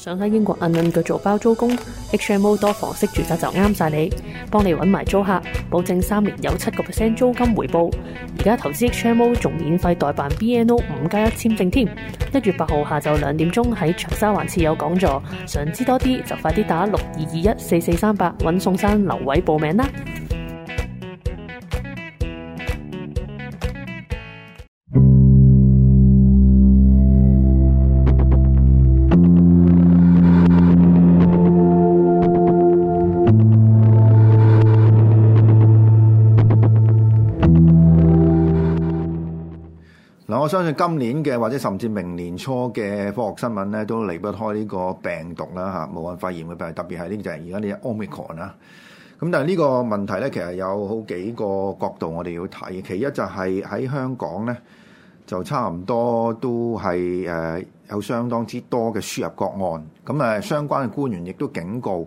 想喺英國揾揾佢做包租公，HMO 多房式住宅就啱晒你，幫你揾埋租客，保證三年有七個 percent 租金回報。而家投資 HMO 仲免費代辦 BNO 五加一簽證添，一月八號下晝兩點鐘喺長沙灣設有講座，想知多啲就快啲打六二二一四四三八揾宋生劉偉報名啦。相信今年嘅或者甚至明年初嘅科學新聞咧，都離不開呢個病毒啦吓，武漢肺炎嘅病，特別係呢個就係而家啲 Omicron 啦。咁但係呢個問題咧，其實有好幾個角度我哋要睇。其一就係喺香港咧，就差唔多都係誒有相當之多嘅輸入個案。咁誒相關嘅官員亦都警告，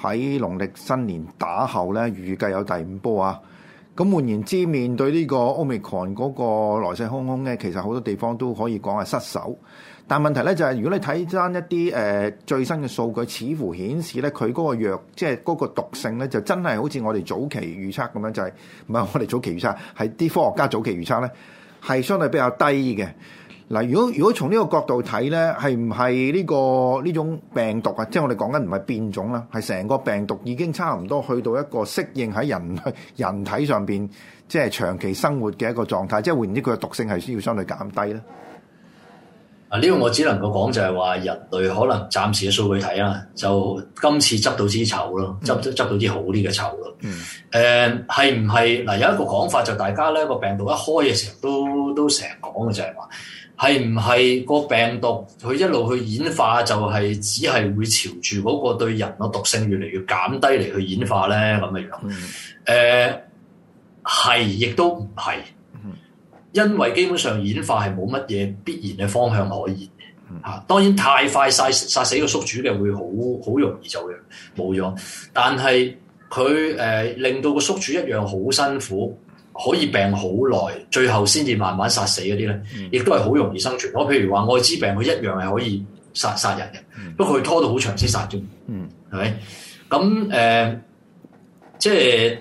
喺農曆新年打後咧，預計有第五波啊！咁換言之，面對呢個 Omicron 嗰個來勢洶洶咧，其實好多地方都可以講係失守。但問題咧就係、是，如果你睇翻一啲誒、呃、最新嘅數據，似乎顯示咧佢嗰個藥，即係嗰個毒性咧，就真係好似我哋早期預測咁樣，就係唔係我哋早期預測，係啲科學家早期預測咧，係相對比較低嘅。嗱，如果如果從呢個角度睇咧，係唔係呢個呢種病毒啊？即係我哋講緊唔係變種啦，係成個病毒已經差唔多去到一個適應喺人，人體上邊，即係長期生活嘅一個狀態，即係換言之，佢嘅毒性係需要相對減低咧。啊，呢個我只能夠講就係話人類可能暫時嘅數據睇啦，就今次執到支醜咯，執執、嗯、到啲好啲嘅醜咯。誒、嗯，係唔係嗱？有一個講法就大家咧、這個病毒一開嘅時候都都成日講嘅就係話。係唔係個病毒佢一路去演化就係只係會朝住嗰個對人嘅毒性越嚟越減低嚟去演化呢？咁嘅樣？誒，係亦都唔係，因為基本上演化係冇乜嘢必然嘅方向可言嚇。當然太快晒，殺死個宿主嘅會好好容易就冇咗，但係佢誒令到個宿主一樣好辛苦。可以病好耐，最後先至慢慢殺死嗰啲咧，嗯、亦都係好容易生存。我譬如話愛滋病，佢一樣係可以殺殺人嘅，嗯、不過佢拖到好長先殺啫。嗯，係咪？咁誒、呃，即係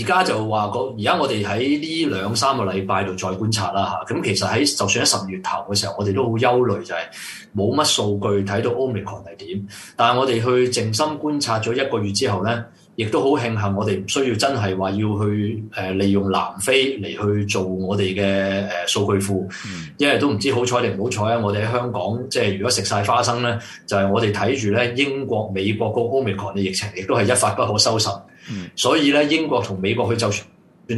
而家就話個，而家我哋喺呢兩三個禮拜度再觀察啦嚇。咁其實喺就算喺十月頭嘅時候，我哋都好憂慮、就係，就係冇乜數據睇到 Omicron 係點。但係我哋去靜心觀察咗一個月之後咧。亦都好慶幸，我哋唔需要真係話要去誒利用南非嚟去做我哋嘅誒數據庫，嗯、因為都唔知好彩定唔好彩啊！我哋喺香港，即係如果食晒花生呢，就係、是、我哋睇住呢英國、美國個 Omicron 嘅疫情，亦都係一發不可收拾。嗯、所以呢，英國同美國佢就算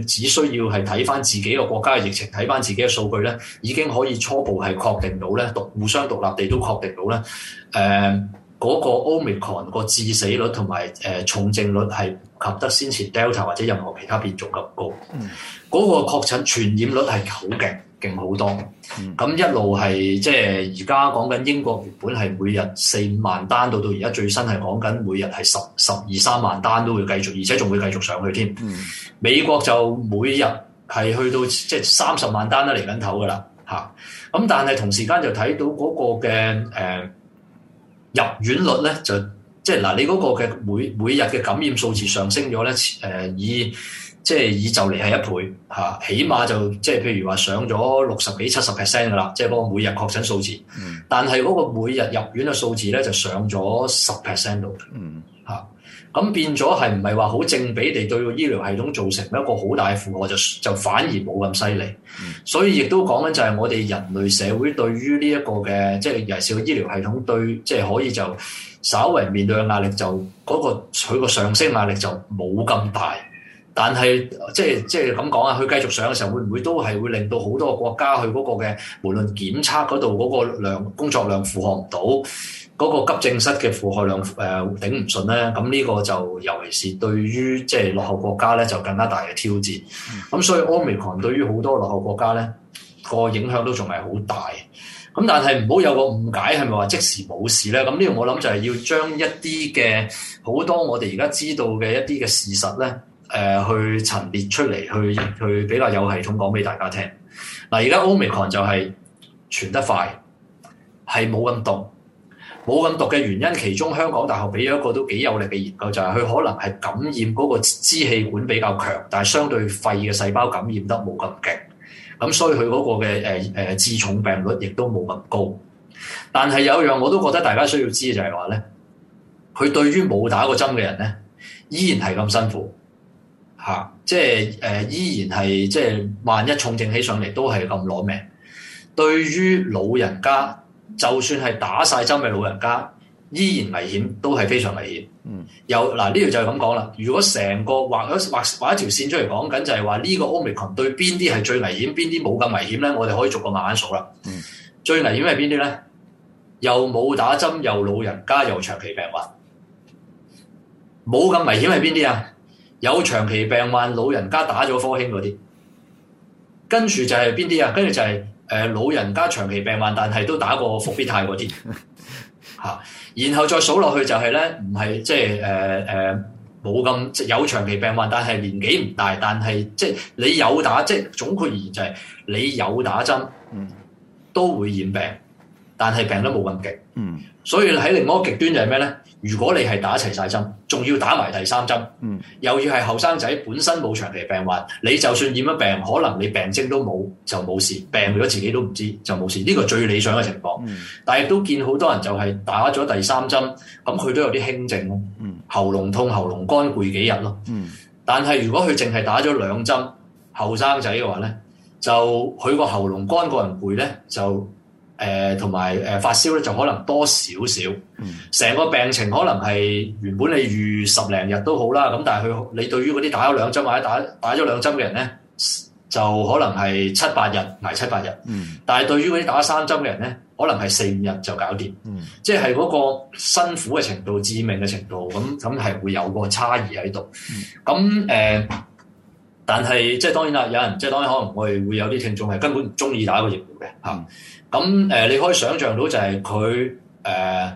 只需要係睇翻自己個國家嘅疫情，睇翻自己嘅數據呢，已經可以初步係確定到呢，獨互相獨立地都確定到呢。誒、嗯。嗰個 Omicron 個致死率同埋誒重症率係唔及得先前 Delta 或者任何其他變種咁高。嗰、嗯、個確診傳染率係好勁，勁好多。咁、嗯、一路係即係而家講緊英國原本係每日四五萬單，到到而家最新係講緊每日係十十二三萬單都會繼續，而且仲會繼續上去添。嗯、美國就每日係去到即係三十萬單都嚟緊頭噶啦嚇。咁、嗯、但係同時間就睇到嗰個嘅誒。呃入院率咧就即係，嗱，你嗰個嘅每每日嘅感染數字上升咗咧，誒、呃、以即係以就嚟係一倍嚇、啊，起碼就即係譬如話上咗六十幾七十 percent 噶啦，即係嗰個每日確診數字。嗯。但係嗰個每日入院嘅數字咧就上咗十 percent 度。嗯。咁變咗係唔係話好正比地對個醫療系統造成一個好大負荷就就反而冇咁犀利，嗯、所以亦都講緊就係我哋人類社會對於呢一個嘅即係尤其是個醫療系統對即係、就是、可以就稍微面對嘅壓力就嗰、嗰個佢個上升壓力就冇咁大，但係即係即係咁講啊，佢、就是就是、繼續上嘅時候會唔會都係會令到好多國家去嗰個嘅無論檢測嗰度嗰個量工作量負荷唔到？嗰個急症室嘅負荷量誒、呃、頂唔順咧，咁呢個就尤其是對於即係落後國家咧，就更加大嘅挑戰。咁、嗯、所以 Omicron 對於好多落後國家咧、個影響都仲係好大。咁但係唔好有個誤解，係咪話即時冇事咧？咁呢個我諗就係要將一啲嘅好多我哋而家知道嘅一啲嘅事實咧誒、呃，去陳列出嚟，去去比較有系統講俾大家聽。嗱而家 Omicron 就係傳得快，係冇運動。冇咁毒嘅原因，其中香港大學俾咗一個都幾有力嘅研究，就係、是、佢可能係感染嗰個支氣管比較強，但係相對肺嘅細胞感染得冇咁勁，咁所以佢嗰個嘅誒誒致重病率亦都冇咁高。但係有一樣我都覺得大家需要知嘅就係話咧，佢對於冇打過針嘅人咧，依然係咁辛苦嚇、啊，即係誒、呃、依然係即係，萬一重症起上嚟都係咁攞命。對於老人家。就算係打晒針嘅老人家，依然危險，都係非常危險。有嗱，呢條就係咁講啦。如果成個畫咗畫一條線出嚟講緊，就係話呢個 Omicron，對邊啲係最危險，邊啲冇咁危險咧？我哋可以逐個慢慢數啦。嗯、最危險係邊啲咧？又冇打針，又老人家，又長期病患，冇咁危險係邊啲啊？有長期病患、老人家打咗科興嗰啲，跟住就係邊啲啊？跟住就係、是。誒，老人家長期病患，但係都打過復必泰嗰啲，嚇， 然後再數落去就係、是、咧，唔係即係，誒、呃、誒，冇、呃、咁有，有長期病患，但係年紀唔大，但係即係你有打，即係總括而言就係、是、你有打針，嗯，都會染病，但係病得冇咁極，嗯，所以喺另外一個極端就係咩咧？如果你係打齊晒針，仲要打埋第三針，又要係後生仔本身冇長期病患，你就算染咗病，可能你病徵都冇就冇事，病咗自己都唔知就冇事，呢個最理想嘅情況。嗯、但係都見好多人就係打咗第三針，咁佢都有啲輕症，喉嚨痛、喉嚨乾攰幾日咯。嗯、但係如果佢淨係打咗兩針，後生仔嘅話呢，就佢個喉嚨乾個人攰呢，就。誒同埋誒發燒咧就可能多少少，成、嗯、個病情可能係原本你預十零日都好啦，咁但係佢你對於嗰啲打咗兩針或者打打咗兩針嘅人咧，就可能係七八日挨七八日，嗯、但係對於嗰啲打三針嘅人咧，可能係四五日就搞掂，即係嗰個辛苦嘅程度、致命嘅程度，咁咁係會有個差異喺度，咁誒、嗯。嗯呃但係，即係當然啦，有人即係當然，可能我哋會有啲聽眾係根本唔中意打個疫苗嘅嚇。咁誒、嗯嗯，你可以想象到就係佢誒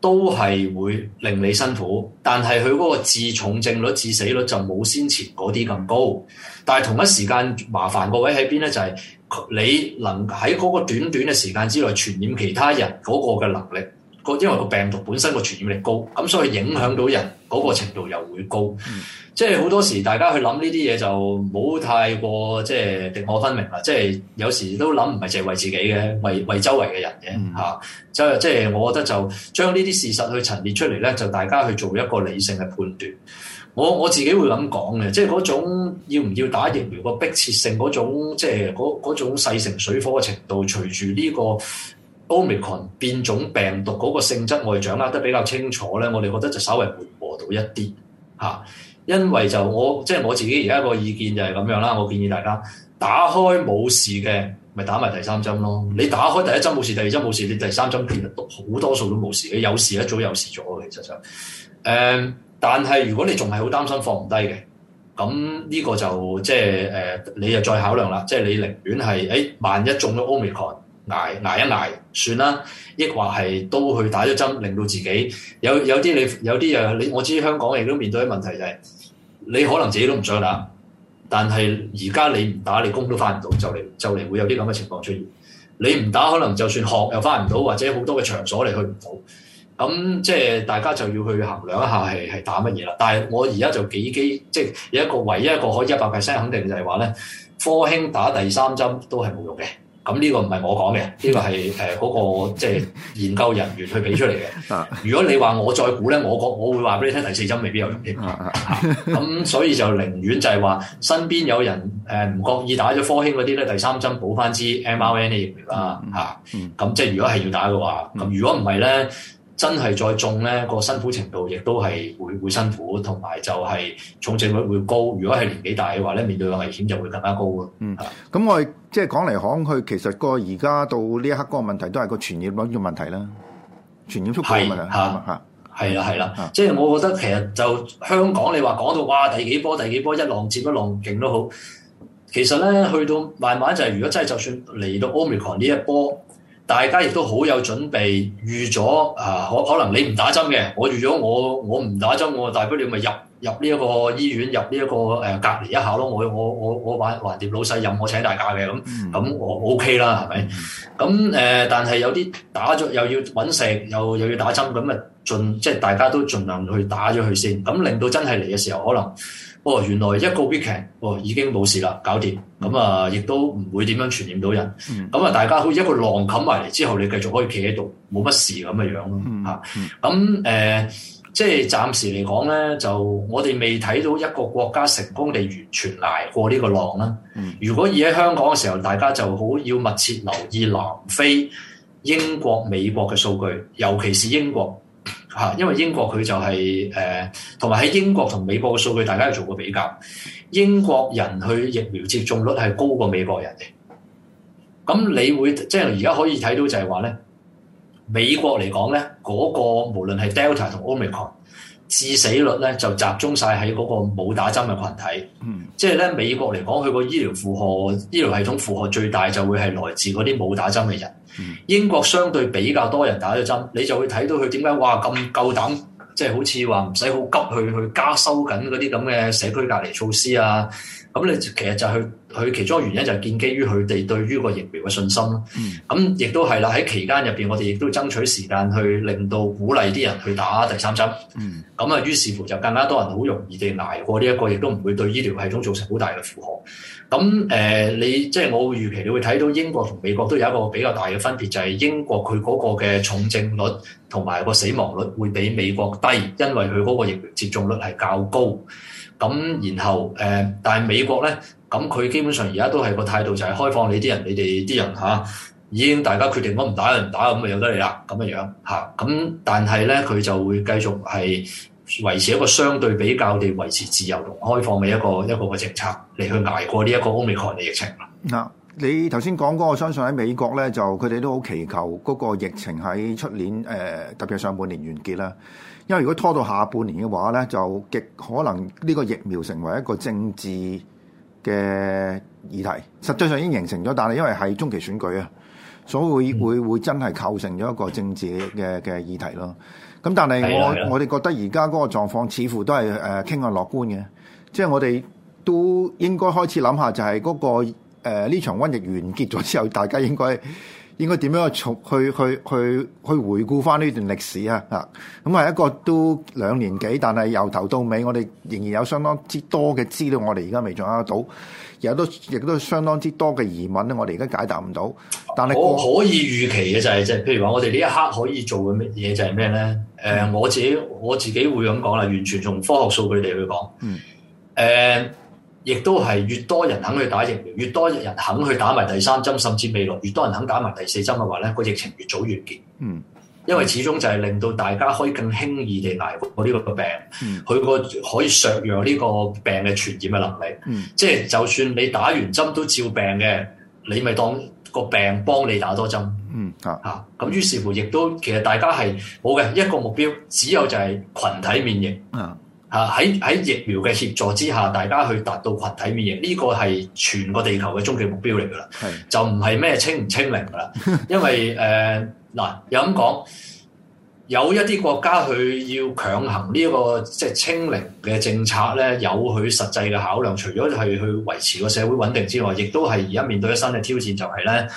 都係會令你辛苦，但係佢嗰個治重症率、致死率就冇先前嗰啲咁高。但係同一時間麻煩個位喺邊咧？就係、是、你能喺嗰個短短嘅時間之內傳染其他人嗰個嘅能力。個因為個病毒本身個傳染力高，咁所以影響到人嗰個程度又會高。嗯、即係好多時大家去諗呢啲嘢就冇太過即係敵我分明啦。即係有時都諗唔係淨係為自己嘅，為為周圍嘅人嘅嚇。所、啊、以、嗯、即係我覺得就將呢啲事實去陳列出嚟咧，就大家去做一個理性嘅判斷。我我自己會咁講嘅，即係嗰種要唔要打疫苗個迫切性，嗰種即係嗰嗰種勢成水火嘅程度，隨住呢個奧密克戎變種病毒嗰個性質，我哋掌握得比較清楚咧。我哋覺得就稍微緩和到一啲嚇、啊，因為就我即係、就是、我自己而家個意見就係咁樣啦。我建議大家打開冇事嘅，咪打埋第三針咯。你打開第一針冇事，第二針冇事，你第三針其實都好多數都冇事嘅。有事一早有事咗嘅，其實就誒、嗯。但係如果你仲係好擔心放唔低嘅，咁呢個就即係誒，你又再考量啦。即、就、係、是、你寧願係誒、哎，萬一中咗奧密克戎。挨挨一挨算啦，抑或係都去打咗針，令到自己有有啲你有啲啊，你我知香港亦都面對啲問題就係、是，你可能自己都唔想打，但係而家你唔打，你工都翻唔到，就嚟就嚟會有啲咁嘅情況出現。你唔打可能就算學又翻唔到，或者好多嘅場所你去唔到。咁即係大家就要去衡量一下係係打乜嘢啦。但係我而家就幾基，即係有一個唯一一個可以一百 percent 肯定就係話咧，科興打第三針都係冇用嘅。咁呢個唔係我講嘅，呢、這個係誒嗰個即係、就是、研究人員去俾出嚟嘅。如果你話我再估呢，我講我會話俾你聽，第四針未必有用添、。 啊。咁所以就寧願就係話身邊有人誒唔、呃、覺意打咗科興嗰啲呢，第三針補翻支 mRNA 啊嚇。咁、嗯嗯啊、即係如果係要打嘅話，咁、嗯、如果唔係呢。真係再種咧，個辛苦程度亦都係會會辛苦，同埋就係重症率會高。如果係年紀大嘅話咧，面對嘅危險就會更加高。嗯，咁吧我即係、就係、講嚟講去，其實個而家到呢一刻，個問題都係個傳染嗰個問題啦，傳染速度啊嘛，吓吓，係啦係啦。啊啊、即係我覺得其實就香港，你話講到哇，第幾波第幾波一浪接一浪接一浪勁都好。其實咧，去到慢慢就係、係，如果真係就算嚟到 Omicron 呢、mm hmm? 一波。大家亦都好有準備，預咗啊！可、呃、可能你唔打針嘅，我預咗我我唔打針，我大不了咪入入呢一個醫院，入呢、這、一個誒、呃、隔離一下咯。我我我我話橫掂老細任我請大家嘅咁，咁我 OK 啦，係咪？咁誒、呃，但係有啲打咗又要揾食，又又要打針，咁咪盡即係大家都盡量去打咗佢先，咁令到真係嚟嘅時候可能。哦，原來一個 weekend，哦已經冇事啦，搞掂，咁、嗯、啊，亦都唔會點樣傳染到人，咁啊、嗯，大家好似一個浪冚埋嚟之後，你繼續可以企喺度，冇乜事咁嘅樣咯，嚇，咁誒，即係暫時嚟講咧，就我哋未睇到一個國家成功地完全挨過呢個浪啦。嗯嗯、如果而家喺香港嘅時候，大家就好要密切留意南非、英國、英國美國嘅數據，尤其是英國。嚇，因為英國佢就係、是、誒，同埋喺英國同美國嘅數據，大家有做過比較。英國人去疫苗接種率係高過美國人嘅。咁你會即係而家可以睇到就係話咧，美國嚟講咧，嗰、那個無論係 Delta 同 Omicron。致死率咧就集中晒喺嗰個冇打針嘅羣體，嗯、即係咧美國嚟講，佢個醫療負荷、醫療系統負荷最大就會係來自嗰啲冇打針嘅人。嗯、英國相對比較多人打咗針，你就會睇到佢點解哇咁夠膽，即係好似話唔使好急去去加收緊嗰啲咁嘅社區隔離措施啊。咁、嗯、你其實就去。佢其中個原因就係建基於佢哋對於個疫苗嘅信心咯。咁亦、嗯、都係啦，喺期間入邊，我哋亦都爭取時間去令到鼓勵啲人去打第三針。咁啊、嗯，於是乎就更加多人好容易地捱過呢、這、一個，亦都唔會對醫療系統造成好大嘅負荷。咁誒、呃，你即係我會預期，你會睇到英國同美國都有一個比較大嘅分別，就係、是、英國佢嗰個嘅重症率同埋個死亡率會比美國低，因為佢嗰個疫苗接種率係較高。咁然後誒、呃，但係美國咧。咁佢基本上而家都係個態度，就係開放你啲人，你哋啲人吓、啊，已經大家決定我唔打，唔打咁咪、嗯、有得你啦咁嘅樣吓。咁、啊、但係咧，佢就會繼續，係維持一個相對比較，地維持自由同開放嘅一個一個嘅政策嚟，去挨過呢一個歐美 i c 嘅疫情嗱、嗯。你頭先講嗰，我相信喺美國咧就佢哋都好祈求嗰個疫情喺出年誒、呃、特別係上半年完結啦。因為如果拖到下半年嘅話咧，就極可能呢個疫苗成為一個政治。嘅議題，實際上已經形成咗，但係因為係中期選舉啊，所以會、嗯、會會真係構成咗一個政治嘅嘅議題咯。咁但係我 我哋覺得而家嗰個狀況似乎都係誒傾向樂觀嘅，即係我哋都應該開始諗下、那個，就係嗰個誒呢場瘟疫完結咗之後，大家應該。應該點樣去重去去去去回顧翻呢段歷史啊？啊，咁係一個都兩年幾，但係由頭到尾，我哋仍然有相當之多嘅資料，我哋而家未掌握到，有都亦都相當之多嘅疑問咧，我哋而家解答唔到。但係我可以預期嘅就係即係，譬如話我哋呢一刻可以做嘅咩嘢就係咩咧？誒、呃，我自己我自己會咁講啦，完全從科學數據嚟去講。嗯、呃。誒。亦都係越多人肯去打疫苗，越多人肯去打埋第三針，甚至未落，越多人肯打埋第四針嘅話，呢個疫情越早完結。嗯。嗯，因為始終就係令到大家可以更輕易地捱過呢個病，佢個、嗯、可以削弱呢個病嘅傳染嘅能力。嗯、即係就算你打完針都照病嘅，你咪當個病幫你打多針。嗯，嚇、啊、咁，於、啊、是乎亦都其實大家係冇嘅一個目標，只有就係群體免疫。嗯嗯嗯。嚇喺喺疫苗嘅協助之下，大家去達到群體免疫，呢個係全個地球嘅終極目標嚟㗎啦。係是的 就唔係咩清唔清零㗎啦？ 因為誒嗱又咁講，有一啲國家佢要強行呢、這、一個即係、就是、清零嘅政策咧，有佢實際嘅考量。除咗係去維持個社會穩定之外，亦都係而家面對一新嘅挑戰、就是，就係咧，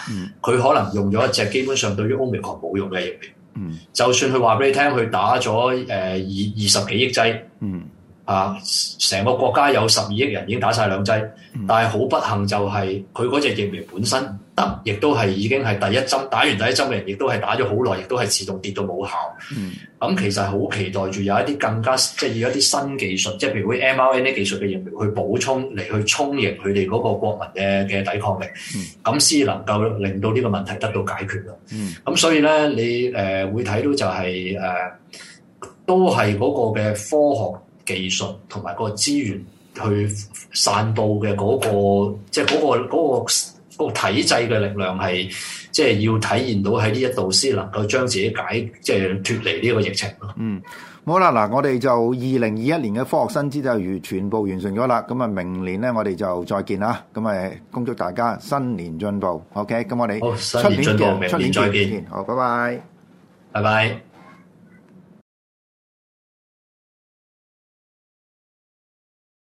佢可能用咗一隻基本上對於歐美國冇用嘅疫苗。嗯，就算佢話俾你聽，佢打咗呃二二十幾億劑，嗯。啊！成個國家有十二億人已經打晒兩劑，但係好不幸就係佢嗰隻疫苗本身，亦都係已經係第一針打完第一針嘅人，亦都係打咗好耐，亦都係自動跌到冇效。咁、嗯嗯、其實好期待住有一啲更加即係有一啲新技術，即係譬如會 mRNA 技術嘅疫苗去補充嚟去充盈佢哋嗰個國民嘅嘅抵抗力，咁先、嗯、能夠令到呢個問題得到解決咯。咁、嗯嗯、所以呢，你誒、呃、會睇到就係、是、誒、呃、都係嗰個嘅科學。技術同埋個資源去散佈嘅嗰個，即係嗰個嗰個嗰個體制嘅力量係，即係要體現到喺呢一度先能夠將自己解，即係脫離呢個疫情咯。嗯，好啦，嗱，我哋就二零二一年嘅科學新知就如全部完成咗啦。咁啊，明年咧，我哋就再見啊。咁啊，恭祝大家新年進步。OK，咁我哋新年進步，明年再見。再見。好，拜拜，拜拜。